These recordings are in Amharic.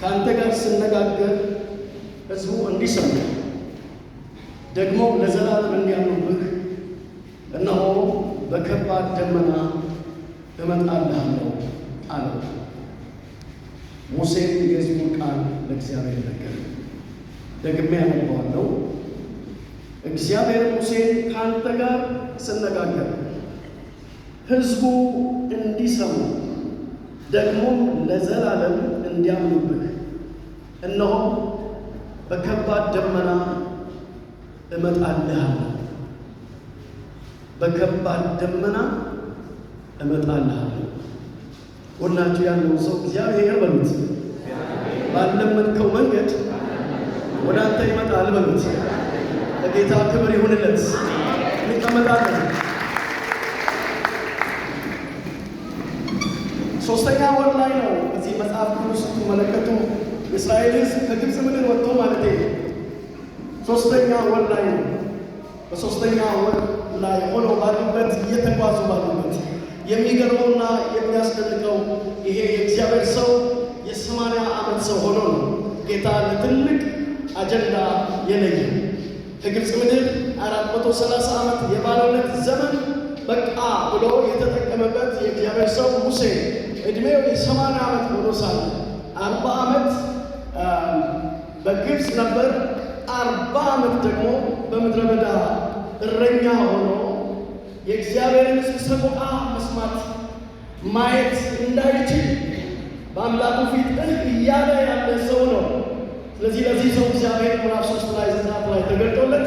ከአንተ ጋር ስነጋገር ሕዝቡ እንዲሰሙ ደግሞ ለዘላለም እንዲያምኑብህ እነሆ በከባድ ደመና እመጣልሃለሁ አለው። ሙሴም የሕዝቡን ቃል ለእግዚአብሔር ነገር ደግሜ ያነበዋለሁ። እግዚአብሔር ሙሴን ከአንተ ጋር ስነጋገር ህዝቡ እንዲሰሙ ደግሞ ለዘላለም እንዲያምኑብህ እነሆ በከባድ ደመና እመጣልሃለሁ፣ በከባድ ደመና እመጣልሃለሁ። ጎናችሁ ያለውን ሰው እግዚአብሔር በሉት፣ ባለመንከው መንገድ ወደ አንተ ይመጣል በሉት። ለጌታ ክብር ይሁንለት። እንቀመጣለን። ሶስተኛ ወር ላይ ነው። እዚህ መጽሐፍ ቅዱስ ስትመለከቱ እስራኤል ሕዝብ ከግብፅ ምድር ወጥቶ ማለት ሶስተኛ ወር ላይ ነው። በሶስተኛ ወር ላይ ሆኖ ባሉበት እየተጓዙ ባሉበት የሚገርመውና የሚያስደንቀው ይሄ የእግዚአብሔር ሰው የሰማንያ ዓመት ሰው ሆኖ ነው ጌታ ለትልቅ አጀንዳ የለየ ከግብፅ ምድር አራት መቶ ሰላሳ ዓመት የባለነት ዘመን በቃ ብሎ የተጠቀመበት የእግዚአብሔር ሰው ሙሴ እድሜው የሰማንያ ዓመት ሆኖ ሳለ አርባ ዓመት በግብፅ ነበር። አርባ ዓመት ደግሞ በምድረ በዳ እረኛ ሆኖ የእግዚአብሔርን ሕዝብ ሰቆቃ መስማት ማየት እንዳይችል በአምላኩ ፊት እል እያለ ያለ ሰው ነው። ስለዚህ ለዚህ ሰው እግዚአብሔር ምዕራፍ ሶስት ላይ ዘጸአት ላይ ተገልጦለት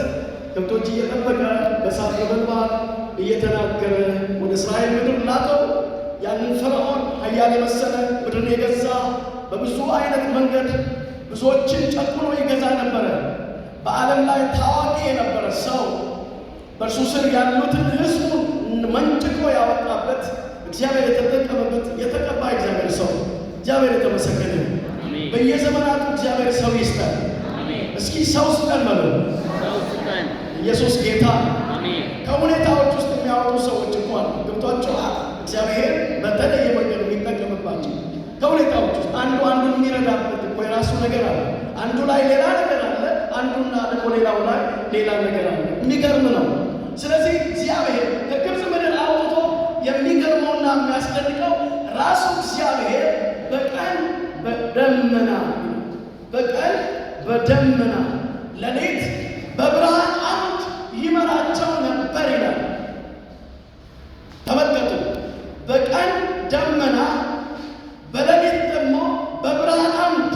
ከብቶች እየጠበቀ በሳት ነበልባል እየተናገረ ወደ እስራኤል ምድር ላከው። ያንን ፈርዖን ኃያል የመሰለ ምድርን የገዛ በብዙ አይነት መንገድ ብዙዎችን ጨቁኖ ይገዛ ነበረ። በዓለም ላይ ታዋቂ የነበረ ሰው በእርሱ ስር ያሉትን ህዝቡን መንጭቆ ያወጣበት እግዚአብሔር የተጠቀመበት የተቀባ እግዚአብሔር ሰው እግዚአብሔር የተመሰገነ በየዘመናቱ እግዚአብሔር ሰው ይስጠን። እስኪ ሰው ስጠን በሉ። ኢየሱስ ጌታ ከሁኔታዎች ውስጥ የሚያወጡ ሰዎች እንኳን አ እግዚአብሔር በተለየ መንገድ የሚጠቀምባቸው ከሁኔታዎች ውስጥ አንዱ አንዱን የሚረዳበት እኮ የራሱ ነገር አለ። አንዱ ላይ ሌላ ነገር አለ፣ አንዱና ደግሞ ሌላው ላይ ሌላ ነገር አለ። የሚገርም ነው። ስለዚህ እግዚአብሔር ከግብፅ ምድር አውጥቶ የሚገርመውና የሚያስደንቀው ራሱ እግዚአብሔር በቀን በደመና በቀን በደመና ለሌት በብርሃን ደመና በሌሊት ደግሞ በብርሃን አምድ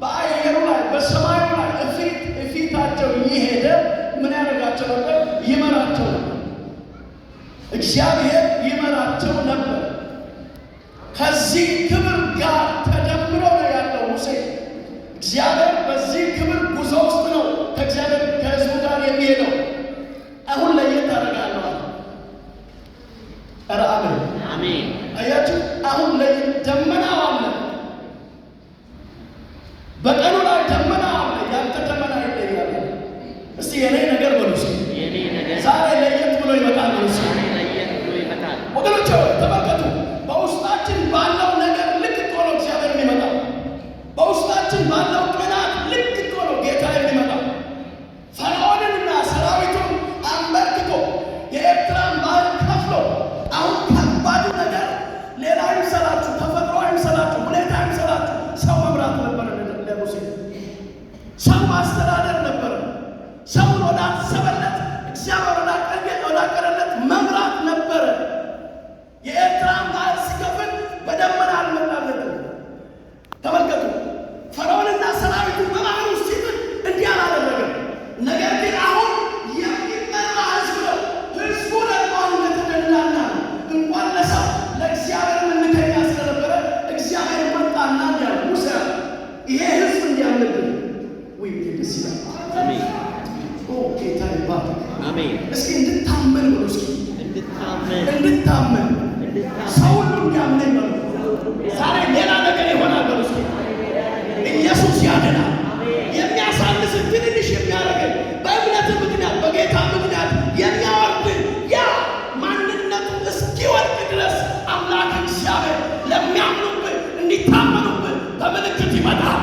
በአየሩ ላይ በሰማዩ ላይ እፊት እፊታቸው እየሄደ ምን ያደርጋቸው ነበር? ይመራቸው እግዚአብሔር ይመራቸው ነበር። ከዚህ ክብር ጋር ተደምሮ ነው ያለው ሙሴ እግዚአብሔር 己们呐。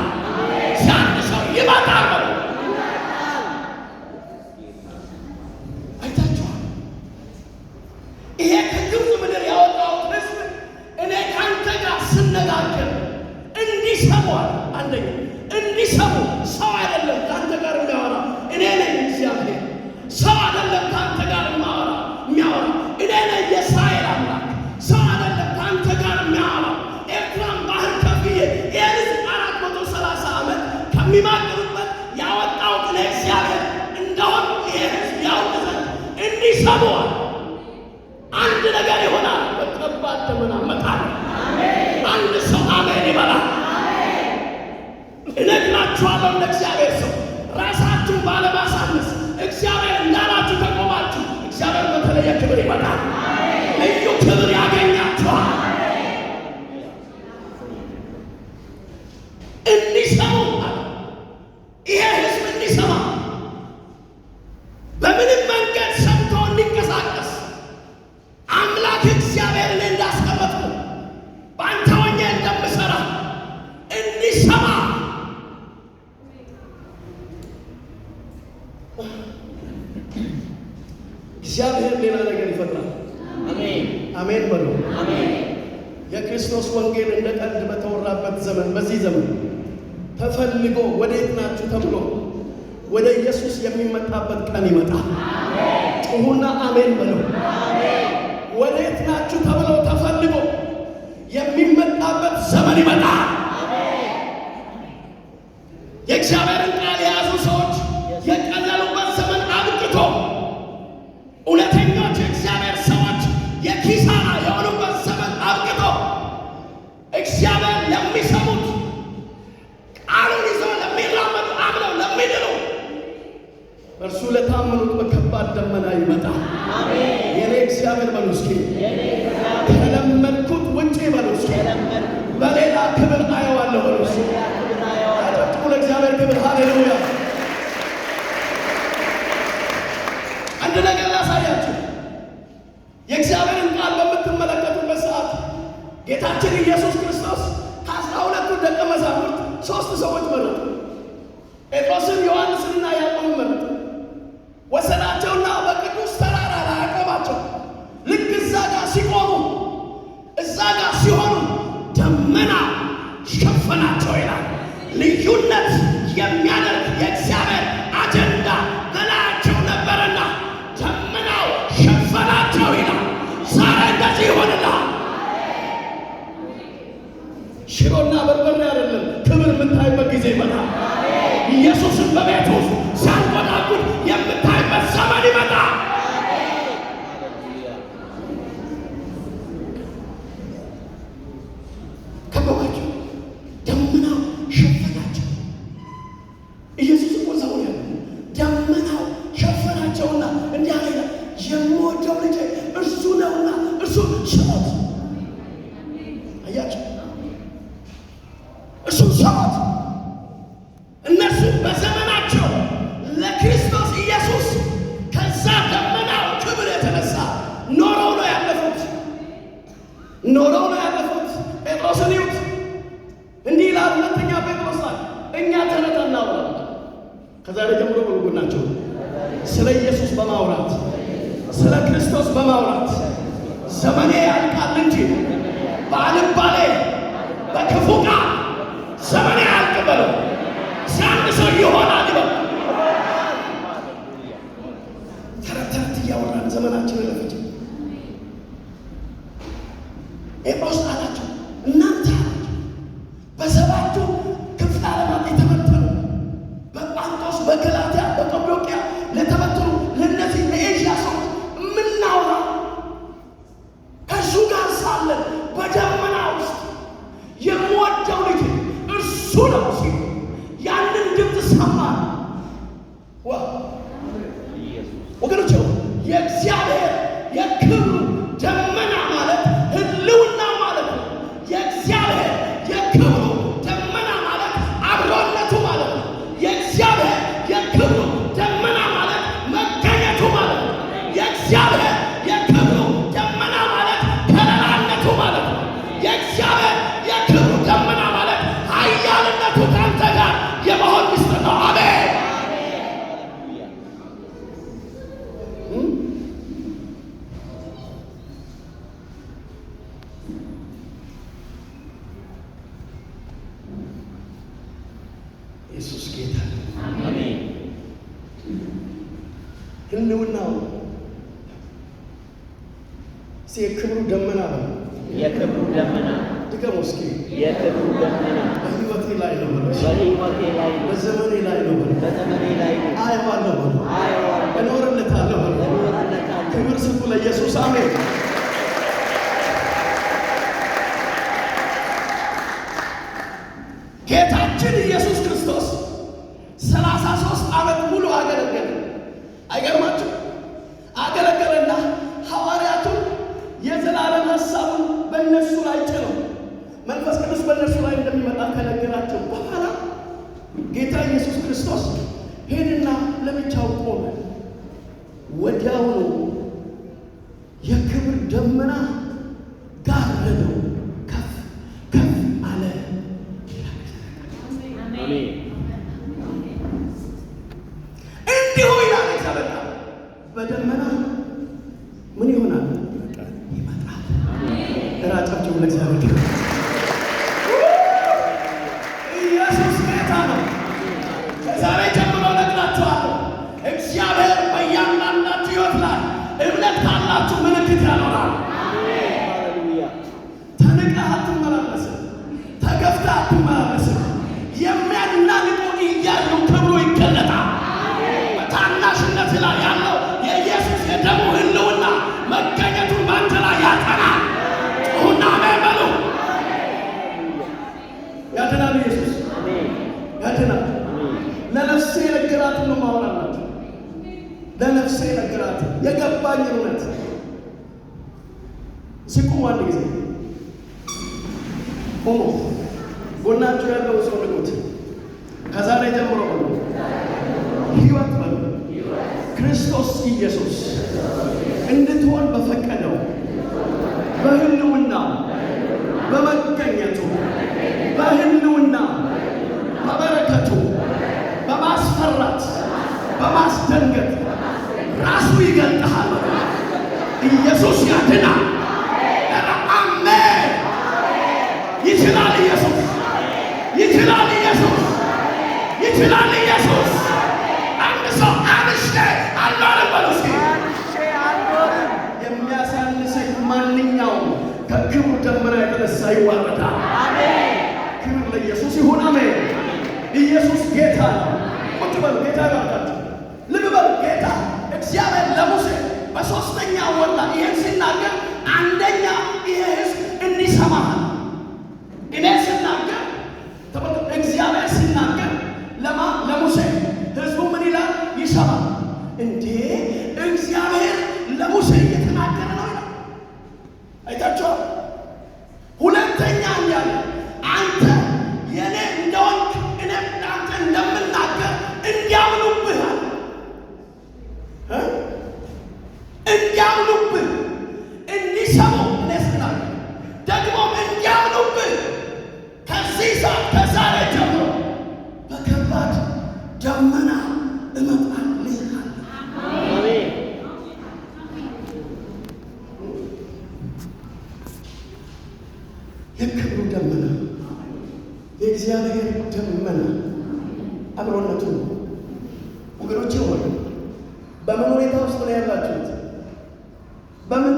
የሚማግሩበት ያወጣሁት እኔ እግዚአብሔር እንደሆን ይሄ ያውቅ ዘንድ አንድ ነገር ይሆናል። በከባድ ደመና አንድ ሰው አሜን ይበላል። እነግራችኋለሁ ሰው ራሳችሁን ባለማሳነስ እግዚአብሔር እንዳላችሁ ተቆማችሁ እግዚአብሔር በተለየ ክብር ይመጣል። ልዩ ክብር ያገኛችኋል። አምላክ እግዚአብሔር እኔ እንዳስቀመጥኩ በአንተ ሆኜ እንደምሰራ እንዲሰማ እግዚአብሔር ሌላ ነገር ይፈጥራል። አሜን አሜን በሉ። የክርስቶስ ወንጌል እንደ ቀልድ በተወራበት ዘመን በዚህ ዘመን ተፈልጎ ወዴት ናችሁ ተብሎ ወደ ኢየሱስ የሚመጣበት ቀን ይመጣል። ጥሩና አሜን በሉ። ዘመን ይመጣል። የእግዚአብሔርን ቃል የያዙ ሰዎች ጌታችን ኢየሱስ ክብር የምታይበት ጊዜ ይመጣል። ኢየሱስን በቤት ውስጥ ክርስቶስ በማውራት ዘመኔ ነው። እስኪ የትም ደመና በህይወቴ ላይ ነው፣ በህይወቴ ላይ ነው፣ በዘመኔ ላይ ነው፣ በዘመኔ ላይ ነው። አየዋለሁ፣ አየዋለሁ፣ እኖርለታለሁ፣ እኖርለታለሁ። ክብር ስጡ ለኢየሱስ አሜን። ጌታችን ኢየሱስ ክርስቶስ ሰላሳ ሦስት ዓመት ሙሉ አገር ክርስቶስ ሄድና ለብቻው ቆመ። ወዲያውኑ የክብር ደመና ገባኝ እውነት። ሲቁም አንድ ጊዜ ቁሙ። ጎናችሁ ያለው ሰው ንቁት። ከዛሬ ጀምሮ ሁሉ ህይወት በሉ ክርስቶስ ኢየሱስ ፈተና አሜን። ይችላል ኢየሱስ፣ ይችላል ኢየሱስ፣ ይችላል ኢየሱስ። አንድ ሰው አብሽቴ አልኖርበሉ ሲ የሚያሳንሰኝ ማንኛውም ከክብሩ ደመና የተነሳ ይዋረዳል። ክብር ለኢየሱስ ይሁን፣ አሜን። ኢየሱስ ጌታ ነው። ቁጭ በሉ ጌታ ይባርካችሁ። ልብ በሉ ጌታ እግዚአብሔር ለሙሴ በሶስተኛ ወላ ይህን ሲናገር አንደኛ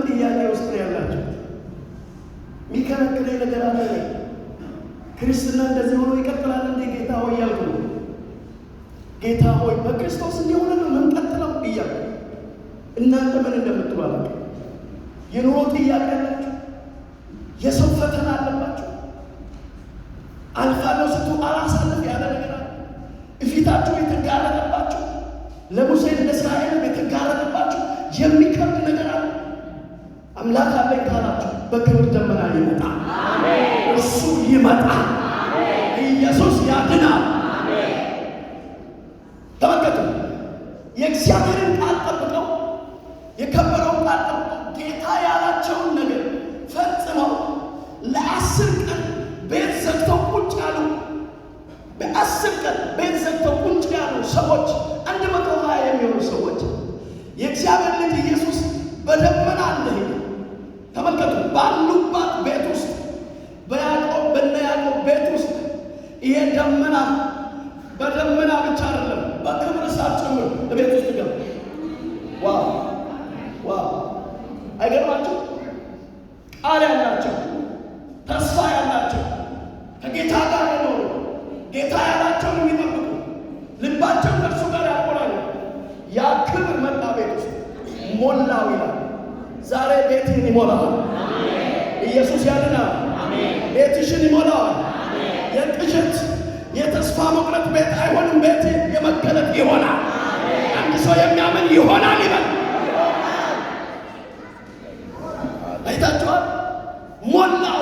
ጥያቄ ውስጥ ነው ያላቸው። የሚከለክለኝ ነገር አለ? ክርስትና እንደዚህ ሆኖ ይቀጥላል እንዴ? ጌታ ሆይ እያልኩ ነው። ጌታ ሆይ በክርስቶስ እንዲሆነ ነው የምንቀጥለው እያልኩ እናንተ ምን እንደምትሉ የኑሮ ጥያቄ አላችሁ፣ የሰው ፈተና አለባችሁ። አልፋለሁ ስትሉ አላሳለፍ ያለ ነገር አለ። እፊታችሁ የተጋረጠባችሁ ለሙሴ ለእስራኤል የተጋረጠባችሁ የሚከብድ ነገር አምላክ አለኝ ካላችሁ በክብር ደመና ይመጣል። እሱ ይመጣል። ኢየሱስ ያድናል። ተመልከቱ፣ የእግዚአብሔርን ቃል ጠብቀው፣ የከበረውን ቃል ጠብቀው ጌታ ያ በደመና በደመና ብቻ አይደለም፣ በክብር እሳት ጭምር እቤት ውስጥ ገባ። ዋው ዋው! አይገርማችሁ? ቃል ያላቸው ተስፋ ያላቸው ከጌታ ጋር የኖሩ ጌታ ያላቸው የሚጠብቁ ልባቸው ከእርሱ ጋር ያቆራሉ። ያ ክብር መጣ ቤት ውስጥ ሞላው ይላል። ዛሬ ቤትህን ይሞላል። ኢየሱስ ያድናል። ቤትሽን ይሞላዋል። የተስፋ መቁረጥ ቤት አይሆንም። ቤት የመገለጥ ይሆናል። አንድ ሰው የሚያምን ይሆናል ይበል። አይታችኋል። ሞላው፣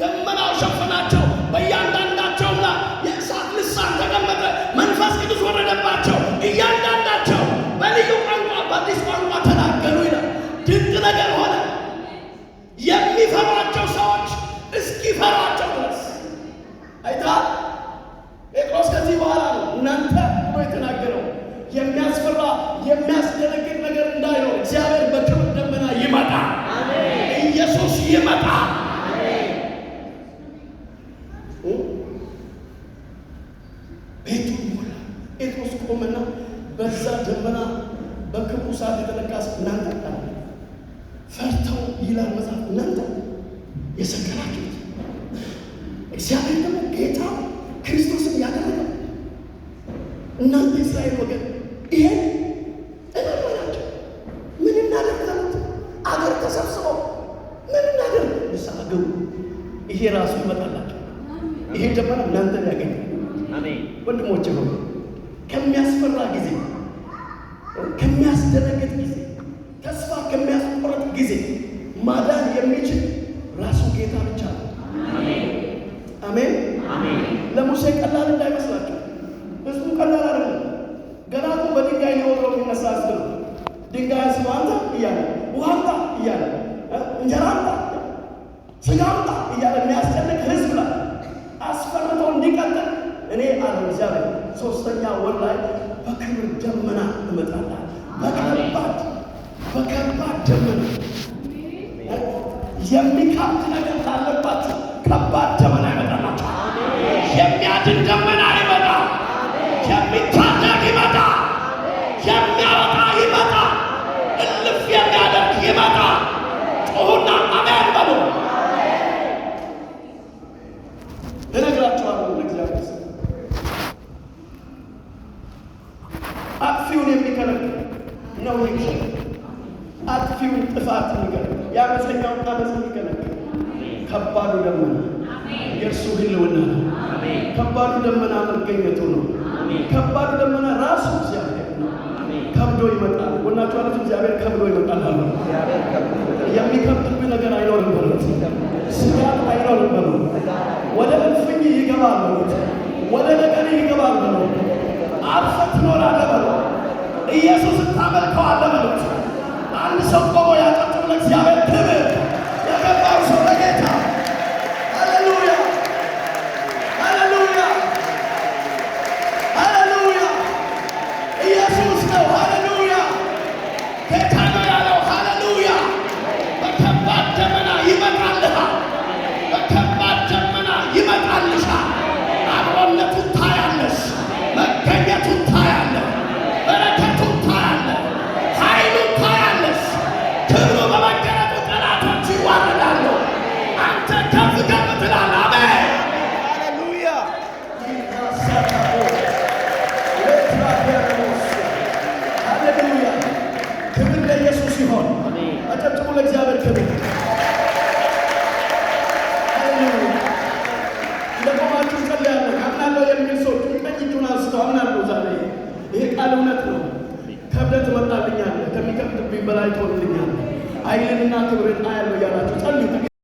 ደመናው ሸፈናቸው። በእያንዳንዳቸውና የእሳት ልሳን ተቀመጠ። መንፈስ ቅዱስ ወረደባቸው። ከተነካስ እናንተ ፈርተው ይላል መጽሐፍ። እናንተ የሰከራችሁት እግዚአብሔር ደግሞ ጌታ ክርስቶስን ያደረገው እናንተ እስራኤል ወገን አሜን። ለሙሴ ቀላል እንዳይመስላችሁ። ህዝቡ ቀላል አይደለም። ገና እኮ በድንጋይ ሊወሮ የሚነሳ ህዝብ ነው። ድንጋይ ስማ እያለ ውሃ እያለ እንጀራታ አንተ ስጋ የማታ የማታ እልፍ የሚያደርግ የማታ ጮሁና አሜን በሉ። እነግራችኋለሁ እግዚአብሔር አጥፊውን የሚከለክል ነው። ይህ አጥፊውን ጥፋት ንገር የአመፀኛውን አመፅ የሚከለክል ከባዱ ደመና የእርሱ ህልውና ነው። ከባዱ ደመና መገኘቱ ነው። ከባዱ ደመና ራሱ እግዚአብሔር ከብዶ ይመጣል። ጎናችሁ አለች እግዚአብሔር ከብዶ ይመጣል አሉ። የሚከብድብህ ነገር አይኖርም በሉት፣ ስጋት አይኖርም በሉት። ወደ እልፍኝ ይገባል በሉት፣ ወደ ነገር ይገባል በሉት። አብሰት ትኖራለህ በሉት፣ ኢየሱስ ታመልከዋለህ በሉት። አንድ ሰው ቆሞ ያቀጥም ለእግዚአብሔር